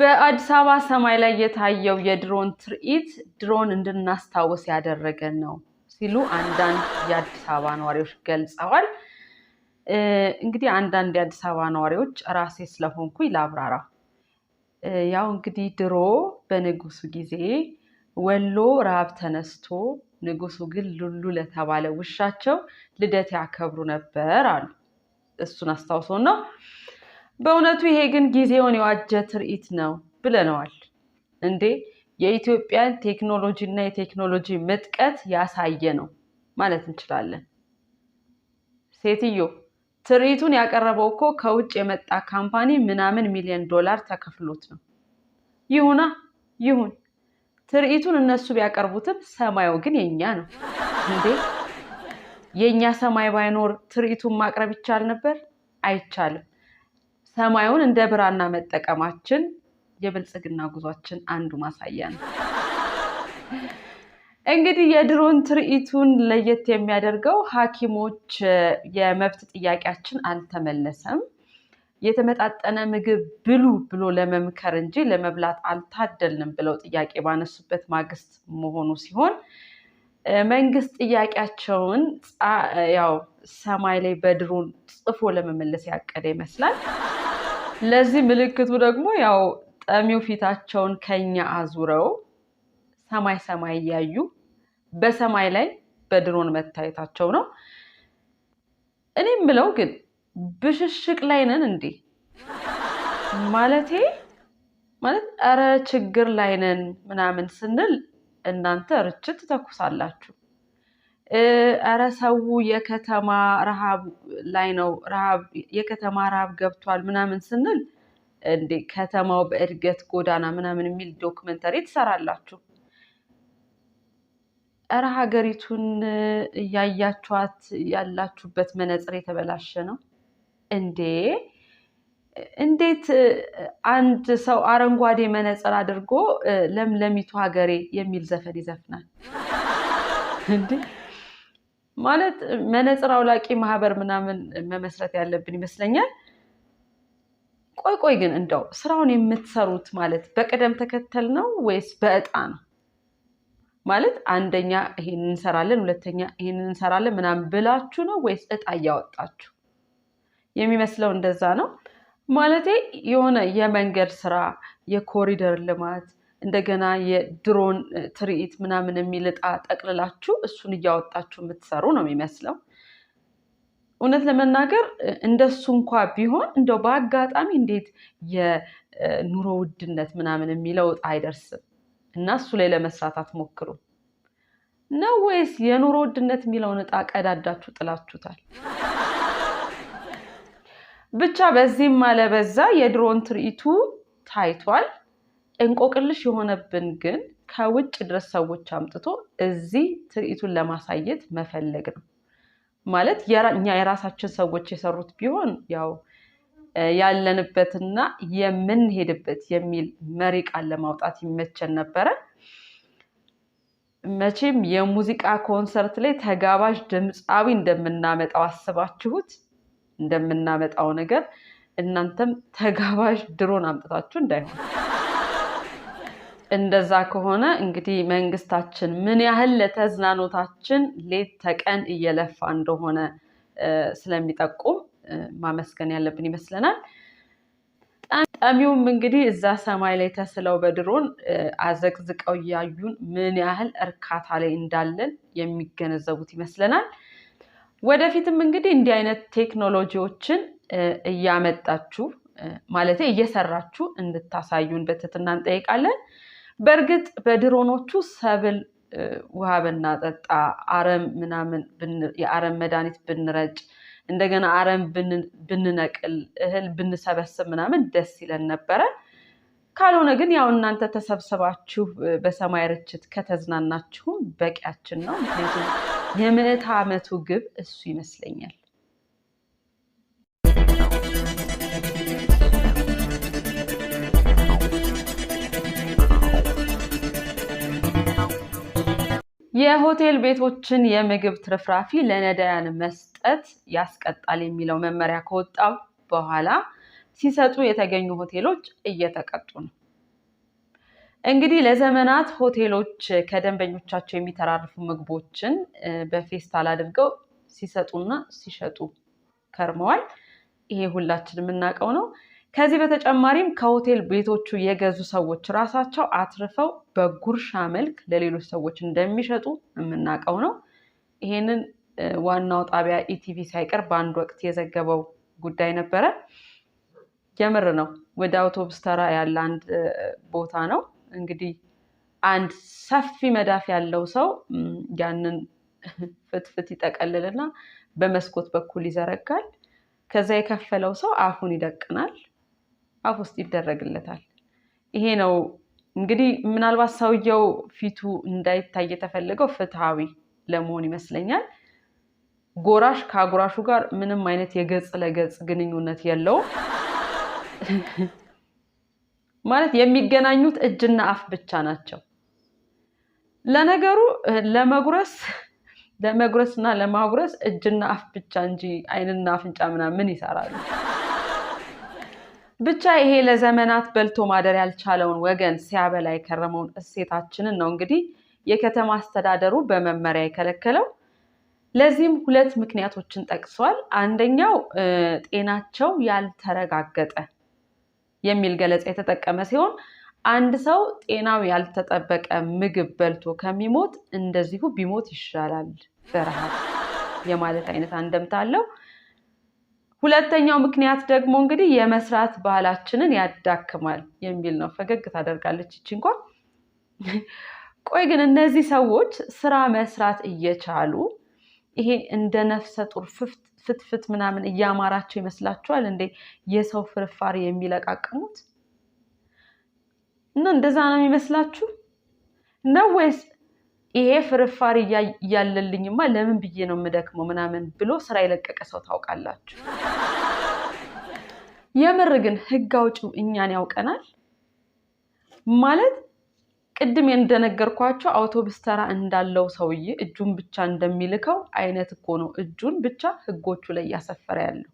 በአዲስ አበባ ሰማይ ላይ የታየው የድሮን ትርኢት ድሮን እንድናስታውስ ያደረገን ነው ሲሉ አንዳንድ የአዲስ አበባ ነዋሪዎች ገልጸዋል። እንግዲህ አንዳንድ የአዲስ አበባ ነዋሪዎች ራሴ ስለሆንኩኝ ላብራራ። ያው እንግዲህ ድሮ በንጉሱ ጊዜ ወሎ ረሃብ ተነስቶ ንጉሱ ግን ሉሉ ለተባለ ውሻቸው ልደት ያከብሩ ነበር አሉ። እሱን አስታውሶ ነው በእውነቱ ይሄ ግን ጊዜውን የዋጀ ትርኢት ነው ብለነዋል እንዴ! የኢትዮጵያን ቴክኖሎጂ እና የቴክኖሎጂ ምጥቀት ያሳየ ነው ማለት እንችላለን። ሴትዮ ትርኢቱን ያቀረበው እኮ ከውጭ የመጣ ካምፓኒ ምናምን ሚሊዮን ዶላር ተከፍሎት ነው። ይሁና ይሁን፣ ትርኢቱን እነሱ ቢያቀርቡትም ሰማዩ ግን የኛ ነው እንዴ! የእኛ ሰማይ ባይኖር ትርኢቱን ማቅረብ ይቻል ነበር? አይቻልም። ሰማዩን እንደ ብራና መጠቀማችን የብልጽግና ጉዟችን አንዱ ማሳያ ነው። እንግዲህ የድሮን ትርኢቱን ለየት የሚያደርገው ሐኪሞች የመብት ጥያቄያችን አልተመለሰም፣ የተመጣጠነ ምግብ ብሉ ብሎ ለመምከር እንጂ ለመብላት አልታደልንም ብለው ጥያቄ ባነሱበት ማግስት መሆኑ ሲሆን መንግስት ጥያቄያቸውን ያው ሰማይ ላይ በድሮን ጽፎ ለመመለስ ያቀደ ይመስላል። ለዚህ ምልክቱ ደግሞ ያው ጠሚው ፊታቸውን ከኛ አዙረው ሰማይ ሰማይ እያዩ በሰማይ ላይ በድሮን መታየታቸው ነው። እኔ የምለው ግን ብሽሽቅ ላይ ነን እንዴ? ማለቴ ማለት ኧረ ችግር ላይ ነን ምናምን ስንል እናንተ ርችት ትተኩሳላችሁ። እረ ሰው የከተማ ረሃብ ላይ ነው፣ ረሃብ የከተማ ረሃብ ገብቷል ምናምን ስንል እንዴ ከተማው በእድገት ጎዳና ምናምን የሚል ዶክመንተሪ ትሰራላችሁ። እረ ሀገሪቱን እያያችኋት ያላችሁበት መነጽር የተበላሸ ነው እንዴ! እንዴት አንድ ሰው አረንጓዴ መነጽር አድርጎ ለምለሚቱ ሀገሬ የሚል ዘፈን ይዘፍናል? ማለት መነፅር አውላቂ ማህበር ምናምን መመስረት ያለብን ይመስለኛል። ቆይ ቆይ ግን እንደው ስራውን የምትሰሩት ማለት በቅደም ተከተል ነው ወይስ በእጣ ነው? ማለት አንደኛ ይሄን እንሰራለን፣ ሁለተኛ ይሄን እንሰራለን ምናምን ብላችሁ ነው ወይስ እጣ እያወጣችሁ? የሚመስለው እንደዛ ነው። ማለቴ የሆነ የመንገድ ስራ፣ የኮሪደር ልማት እንደገና የድሮን ትርኢት ምናምን የሚል ጠቅልላችሁ እሱን እያወጣችሁ የምትሰሩ ነው የሚመስለው። እውነት ለመናገር እንደሱ እንኳ ቢሆን እንደው በአጋጣሚ እንዴት የኑሮ ውድነት ምናምን የሚለው አይደርስም እና እሱ ላይ ለመስራት አትሞክሩም ነው ወይስ የኑሮ ውድነት የሚለውን እጣ ቀዳዳችሁ ጥላችሁታል? ብቻ በዚህም አለበዛ የድሮን ትርኢቱ ታይቷል። እንቆቅልሽ የሆነብን ግን ከውጭ ድረስ ሰዎች አምጥቶ እዚህ ትርኢቱን ለማሳየት መፈለግ ነው። ማለት እኛ የራሳችን ሰዎች የሰሩት ቢሆን ያው ያለንበትና የምንሄድበት የሚል መሪ ቃል ለማውጣት ይመቸን ነበረ። መቼም የሙዚቃ ኮንሰርት ላይ ተጋባዥ ድምፃዊ እንደምናመጣው አስባችሁት እንደምናመጣው ነገር እናንተም ተጋባዥ ድሮን አምጥታችሁ እንዳይሆን እንደዛ ከሆነ እንግዲህ መንግስታችን ምን ያህል ለተዝናኖታችን ሌት ተቀን እየለፋ እንደሆነ ስለሚጠቁም ማመስገን ያለብን ይመስለናል። ጠሚውም እንግዲህ እዛ ሰማይ ላይ ተስለው በድሮን አዘቅዝቀው እያዩን ምን ያህል እርካታ ላይ እንዳለን የሚገነዘቡት ይመስለናል። ወደፊትም እንግዲህ እንዲህ አይነት ቴክኖሎጂዎችን እያመጣችሁ ማለት እየሰራችሁ እንድታሳዩን በትህትና እንጠይቃለን። በእርግጥ በድሮኖቹ ሰብል ውሃ ብናጠጣ፣ አረም ምናምን የአረም መድኃኒት ብንረጭ፣ እንደገና አረም ብንነቅል፣ እህል ብንሰበስብ ምናምን ደስ ይለን ነበረ። ካልሆነ ግን ያው እናንተ ተሰብስባችሁ በሰማይ ርችት ከተዝናናችሁም በቂያችን ነው። ምክንያቱም የምዕት ዓመቱ ግብ እሱ ይመስለኛል። የሆቴል ቤቶችን የምግብ ትርፍራፊ ለነዳያን መስጠት ያስቀጣል የሚለው መመሪያ ከወጣ በኋላ ሲሰጡ የተገኙ ሆቴሎች እየተቀጡ ነው። እንግዲህ ለዘመናት ሆቴሎች ከደንበኞቻቸው የሚተራርፉ ምግቦችን በፌስታል አድርገው ሲሰጡና ሲሸጡ ከርመዋል። ይሄ ሁላችን የምናውቀው ነው። ከዚህ በተጨማሪም ከሆቴል ቤቶቹ የገዙ ሰዎች ራሳቸው አትርፈው በጉርሻ መልክ ለሌሎች ሰዎች እንደሚሸጡ የምናውቀው ነው። ይሄንን ዋናው ጣቢያ ኢቲቪ ሳይቀር በአንድ ወቅት የዘገበው ጉዳይ ነበረ። የምር ነው። ወደ አውቶቡስ ተራ ያለ አንድ ቦታ ነው እንግዲህ አንድ ሰፊ መዳፍ ያለው ሰው ያንን ፍትፍት ይጠቀልልና በመስኮት በኩል ይዘረጋል። ከዛ የከፈለው ሰው አፉን ይደቅናል። አፍ ውስጥ ይደረግለታል። ይሄ ነው እንግዲህ ምናልባት ሰውየው ፊቱ እንዳይታይ የተፈለገው ፍትሐዊ ለመሆን ይመስለኛል። ጎራሽ ከአጉራሹ ጋር ምንም አይነት የገጽ ለገጽ ግንኙነት የለውም። ማለት የሚገናኙት እጅና አፍ ብቻ ናቸው። ለነገሩ ለመጉረስ ለመጉረስ እና ለማጉረስ እጅና አፍ ብቻ እንጂ አይንና አፍንጫ ምናምን ይሰራሉ። ብቻ ይሄ ለዘመናት በልቶ ማደር ያልቻለውን ወገን ሲያበላ የከረመውን እሴታችንን ነው እንግዲህ የከተማ አስተዳደሩ በመመሪያ የከለከለው። ለዚህም ሁለት ምክንያቶችን ጠቅሷል። አንደኛው ጤናቸው ያልተረጋገጠ የሚል ገለጻ የተጠቀመ ሲሆን አንድ ሰው ጤናው ያልተጠበቀ ምግብ በልቶ ከሚሞት እንደዚሁ ቢሞት ይሻላል በረሃብ የማለት አይነት አንደምታ አለው። ሁለተኛው ምክንያት ደግሞ እንግዲህ የመስራት ባህላችንን ያዳክማል የሚል ነው። ፈገግ ታደርጋለች እቺ እንኳን። ቆይ ግን እነዚህ ሰዎች ስራ መስራት እየቻሉ ይሄ እንደ ነፍሰ ጡር ፍትፍት ምናምን እያማራቸው ይመስላችኋል እንዴ? የሰው ፍርፋሪ የሚለቃቅሙት እና እንደዛ ነው የሚመስላችሁ ነው ወይስ ይሄ ፍርፋሪ እያለልኝማ ለምን ብዬ ነው የምደክመው ምናምን ብሎ ስራ የለቀቀ ሰው ታውቃላችሁ። የምር ግን ህግ አውጪው እኛን ያውቀናል ማለት ቅድም እንደነገርኳቸው አውቶብስ ተራ እንዳለው ሰውዬ እጁን ብቻ እንደሚልከው አይነት እኮ ነው እጁን ብቻ ህጎቹ ላይ እያሰፈረ ያለው።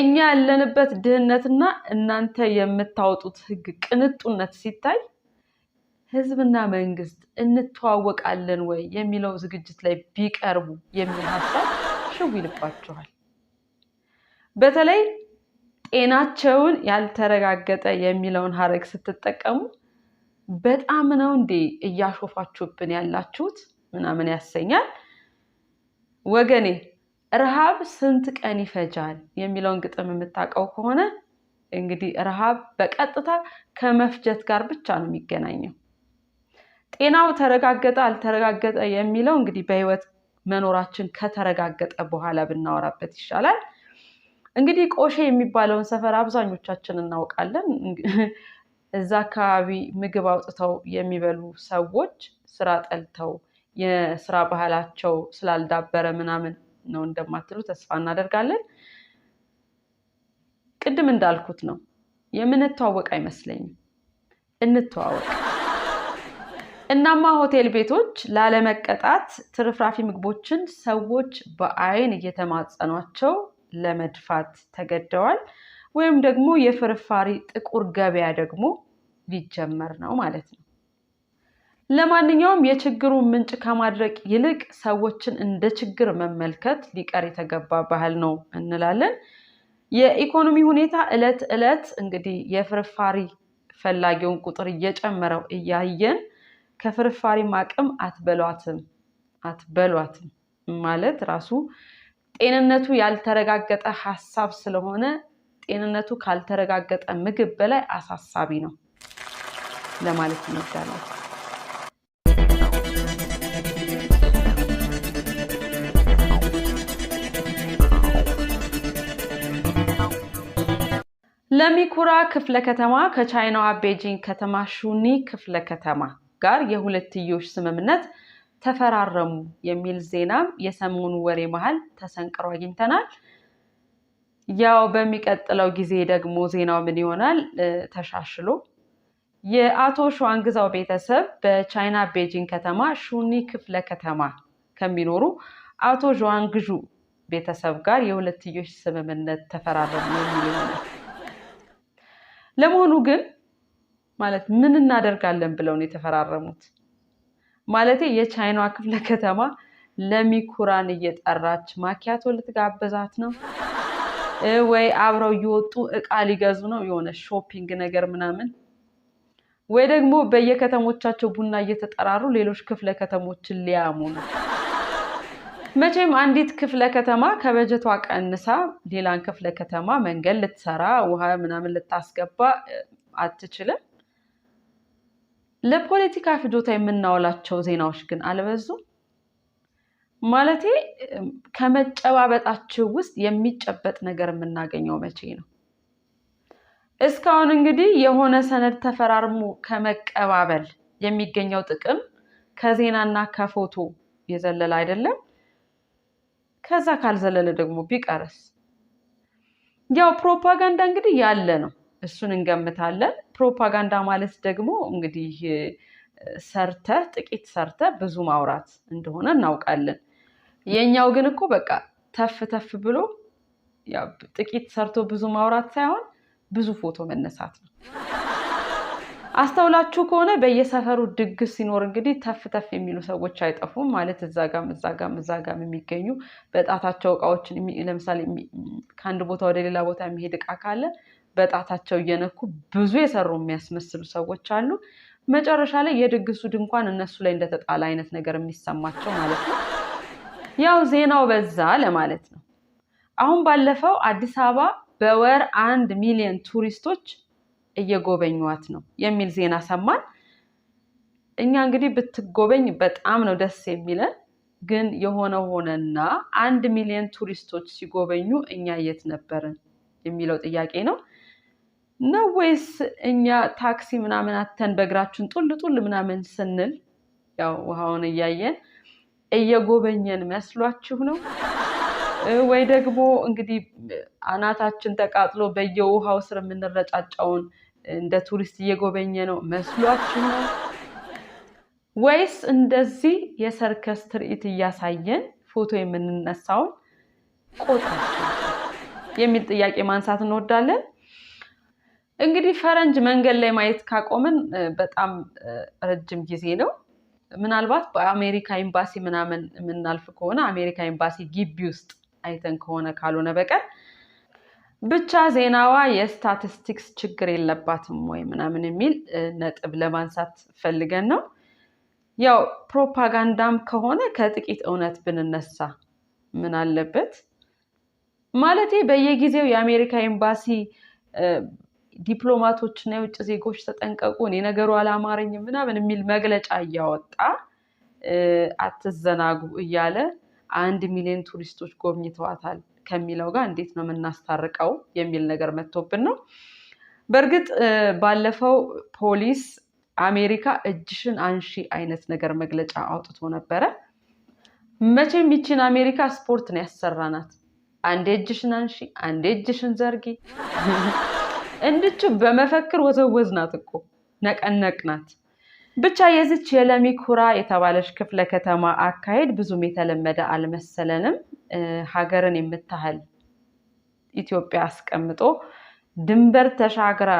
እኛ ያለንበት ድህነትና እናንተ የምታወጡት ህግ ቅንጡነት ሲታይ ህዝብና መንግስት እንተዋወቃለን ወይ የሚለው ዝግጅት ላይ ቢቀርቡ የሚል ሀሳብ ሽው ይልባቸዋል። በተለይ ጤናቸውን ያልተረጋገጠ የሚለውን ሀረግ ስትጠቀሙ በጣም ነው እንዴ እያሾፋችሁብን ያላችሁት ምናምን ያሰኛል። ወገኔ ረሃብ ስንት ቀን ይፈጃል የሚለውን ግጥም የምታውቀው ከሆነ እንግዲህ ረሃብ በቀጥታ ከመፍጀት ጋር ብቻ ነው የሚገናኘው። ጤናው ተረጋገጠ አልተረጋገጠ የሚለው እንግዲህ በህይወት መኖራችን ከተረጋገጠ በኋላ ብናወራበት ይሻላል። እንግዲህ ቆሼ የሚባለውን ሰፈር አብዛኞቻችን እናውቃለን። እዛ አካባቢ ምግብ አውጥተው የሚበሉ ሰዎች ስራ ጠልተው የስራ ባህላቸው ስላልዳበረ ምናምን ነው እንደማትሉ ተስፋ እናደርጋለን። ቅድም እንዳልኩት ነው የምንተዋወቅ አይመስለኝም። እንተዋወቅ። እናማ ሆቴል ቤቶች ላለመቀጣት ትርፍራፊ ምግቦችን ሰዎች በአይን እየተማጸኗቸው ለመድፋት ተገደዋል። ወይም ደግሞ የፍርፋሪ ጥቁር ገበያ ደግሞ ሊጀመር ነው ማለት ነው። ለማንኛውም የችግሩን ምንጭ ከማድረግ ይልቅ ሰዎችን እንደ ችግር መመልከት ሊቀር የተገባ ባህል ነው እንላለን። የኢኮኖሚ ሁኔታ እለት እለት እንግዲህ የፍርፋሪ ፈላጊውን ቁጥር እየጨመረው እያየን ከፍርፋሪም አቅም አትበሏትም አትበሏትም ማለት ራሱ ጤንነቱ ያልተረጋገጠ ሀሳብ ስለሆነ ጤንነቱ ካልተረጋገጠ ምግብ በላይ አሳሳቢ ነው ለማለት ይመዳላል። ለሚኩራ ክፍለ ከተማ ከቻይናዋ ቤጂንግ ከተማ ሹኒ ክፍለ ከተማ ጋር የሁለትዮሽ ስምምነት ተፈራረሙ የሚል ዜናም የሰሞኑ ወሬ መሀል ተሰንቅሮ አግኝተናል። ያው በሚቀጥለው ጊዜ ደግሞ ዜናው ምን ይሆናል ተሻሽሎ የአቶ ሸዋንግዛው ቤተሰብ በቻይና ቤጂንግ ከተማ ሹኒ ክፍለ ከተማ ከሚኖሩ አቶ ሸዋንግዡ ቤተሰብ ጋር የሁለትዮሽ ስምምነት ተፈራረሙ የሚል ይሆናል። ለመሆኑ ግን ማለት ምን እናደርጋለን ብለው ነው የተፈራረሙት። ማለቴ የቻይናዋ ክፍለ ከተማ ለሚኩራን እየጠራች ማኪያቶ ልትጋበዛት ነው ወይ አብረው እየወጡ እቃ ሊገዙ ነው የሆነ ሾፒንግ ነገር ምናምን ወይ ደግሞ በየከተሞቻቸው ቡና እየተጠራሩ ሌሎች ክፍለ ከተሞችን ሊያሙ ነው። መቼም አንዲት ክፍለ ከተማ ከበጀቷ ቀንሳ ሌላን ክፍለ ከተማ መንገድ ልትሰራ ውሃ ምናምን ልታስገባ አትችልም። ለፖለቲካ ፍጆታ የምናውላቸው ዜናዎች ግን አልበዙም። ማለቴ ከመጨባበጣችው ውስጥ የሚጨበጥ ነገር የምናገኘው መቼ ነው? እስካሁን እንግዲህ የሆነ ሰነድ ተፈራርሞ ከመቀባበል የሚገኘው ጥቅም ከዜናና ከፎቶ የዘለለ አይደለም። ከዛ ካልዘለለ ደግሞ ቢቀርስ? ያው ፕሮፓጋንዳ እንግዲህ ያለ ነው፣ እሱን እንገምታለን። ፕሮፓጋንዳ ማለት ደግሞ እንግዲህ ሰርተ ጥቂት ሰርተ ብዙ ማውራት እንደሆነ እናውቃለን። የኛው ግን እኮ በቃ ተፍ ተፍ ብሎ ጥቂት ሰርቶ ብዙ ማውራት ሳይሆን ብዙ ፎቶ መነሳት ነው። አስተውላችሁ ከሆነ በየሰፈሩ ድግስ ሲኖር እንግዲህ ተፍ ተፍ የሚሉ ሰዎች አይጠፉም። ማለት እዛ እዛ ጋም ጋም እዛ ጋም የሚገኙ በጣታቸው እቃዎችን ለምሳሌ ከአንድ ቦታ ወደ ሌላ ቦታ የሚሄድ እቃ ካለ በጣታቸው እየነኩ ብዙ የሰሩ የሚያስመስሉ ሰዎች አሉ። መጨረሻ ላይ የድግሱ ድንኳን እነሱ ላይ እንደተጣለ አይነት ነገር የሚሰማቸው ማለት ነው። ያው ዜናው በዛ ለማለት ነው። አሁን ባለፈው አዲስ አበባ በወር አንድ ሚሊዮን ቱሪስቶች እየጎበኟት ነው የሚል ዜና ሰማን። እኛ እንግዲህ ብትጎበኝ በጣም ነው ደስ የሚለን፣ ግን የሆነ ሆነና አንድ ሚሊዮን ቱሪስቶች ሲጎበኙ እኛ የት ነበርን የሚለው ጥያቄ ነው። ነው ወይስ እኛ ታክሲ ምናምን አተን በእግራችን ጡል ጡል ምናምን ስንል ያው ውሃውን እያየን እየጎበኘን መስሏችሁ ነው? ወይ ደግሞ እንግዲህ አናታችን ተቃጥሎ በየውሃው ስር የምንረጫጫውን እንደ ቱሪስት እየጎበኘ ነው መስሏችሁ ነው? ወይስ እንደዚህ የሰርከስ ትርኢት እያሳየን ፎቶ የምንነሳውን ቆጣ የሚል ጥያቄ ማንሳት እንወዳለን። እንግዲህ ፈረንጅ መንገድ ላይ ማየት ካቆምን በጣም ረጅም ጊዜ ነው። ምናልባት በአሜሪካ ኤምባሲ ምናምን የምናልፍ ከሆነ አሜሪካ ኤምባሲ ግቢ ውስጥ አይተን ከሆነ ካልሆነ በቀር ብቻ ዜናዋ የስታቲስቲክስ ችግር የለባትም ወይ ምናምን የሚል ነጥብ ለማንሳት ፈልገን ነው። ያው ፕሮፓጋንዳም ከሆነ ከጥቂት እውነት ብንነሳ ምን አለበት? ማለቴ በየጊዜው የአሜሪካ ኤምባሲ ዲፕሎማቶችና የውጭ ዜጎች ተጠንቀቁ፣ እኔ ነገሩ አላማረኝም ምናምን የሚል መግለጫ እያወጣ አትዘናጉ እያለ አንድ ሚሊዮን ቱሪስቶች ጎብኝተዋታል ከሚለው ጋር እንዴት ነው የምናስታርቀው የሚል ነገር መጥቶብን ነው። በእርግጥ ባለፈው ፖሊስ አሜሪካ እጅሽን አንሺ አይነት ነገር መግለጫ አውጥቶ ነበረ። መቼም ይችን አሜሪካ ስፖርት ነው ያሰራናት። አንዴ እጅሽን አንሺ፣ አንዴ እጅሽን ዘርጊ እንድቹ በመፈክር ወዘወዝ ናት እኮ ነቀነቅ ናት። ብቻ የዚች የለሚ ኩራ የተባለች ክፍለ ከተማ አካሄድ ብዙም የተለመደ አልመሰለንም። ሀገርን የምታህል ኢትዮጵያ አስቀምጦ ድንበር ተሻግራ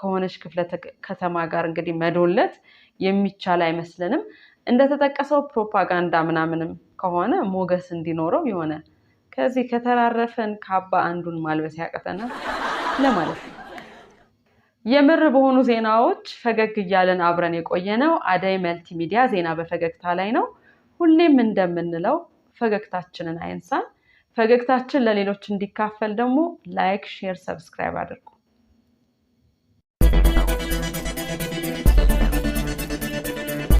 ከሆነች ክፍለ ከተማ ጋር እንግዲህ መዶለት የሚቻል አይመስለንም። እንደተጠቀሰው ፕሮፓጋንዳ ምናምንም ከሆነ ሞገስ እንዲኖረው የሆነ ከዚህ ከተራረፈን ካባ አንዱን ማልበስ ያቀተናል። ለማለት ነው። የምር በሆኑ ዜናዎች ፈገግ እያለን አብረን የቆየነው አደይ መልቲ ሚዲያ ዜና በፈገግታ ላይ ነው። ሁሌም እንደምንለው ፈገግታችንን አይንሳን። ፈገግታችን ለሌሎች እንዲካፈል ደግሞ ላይክ፣ ሼር፣ ሰብስክራይብ አድርጉ።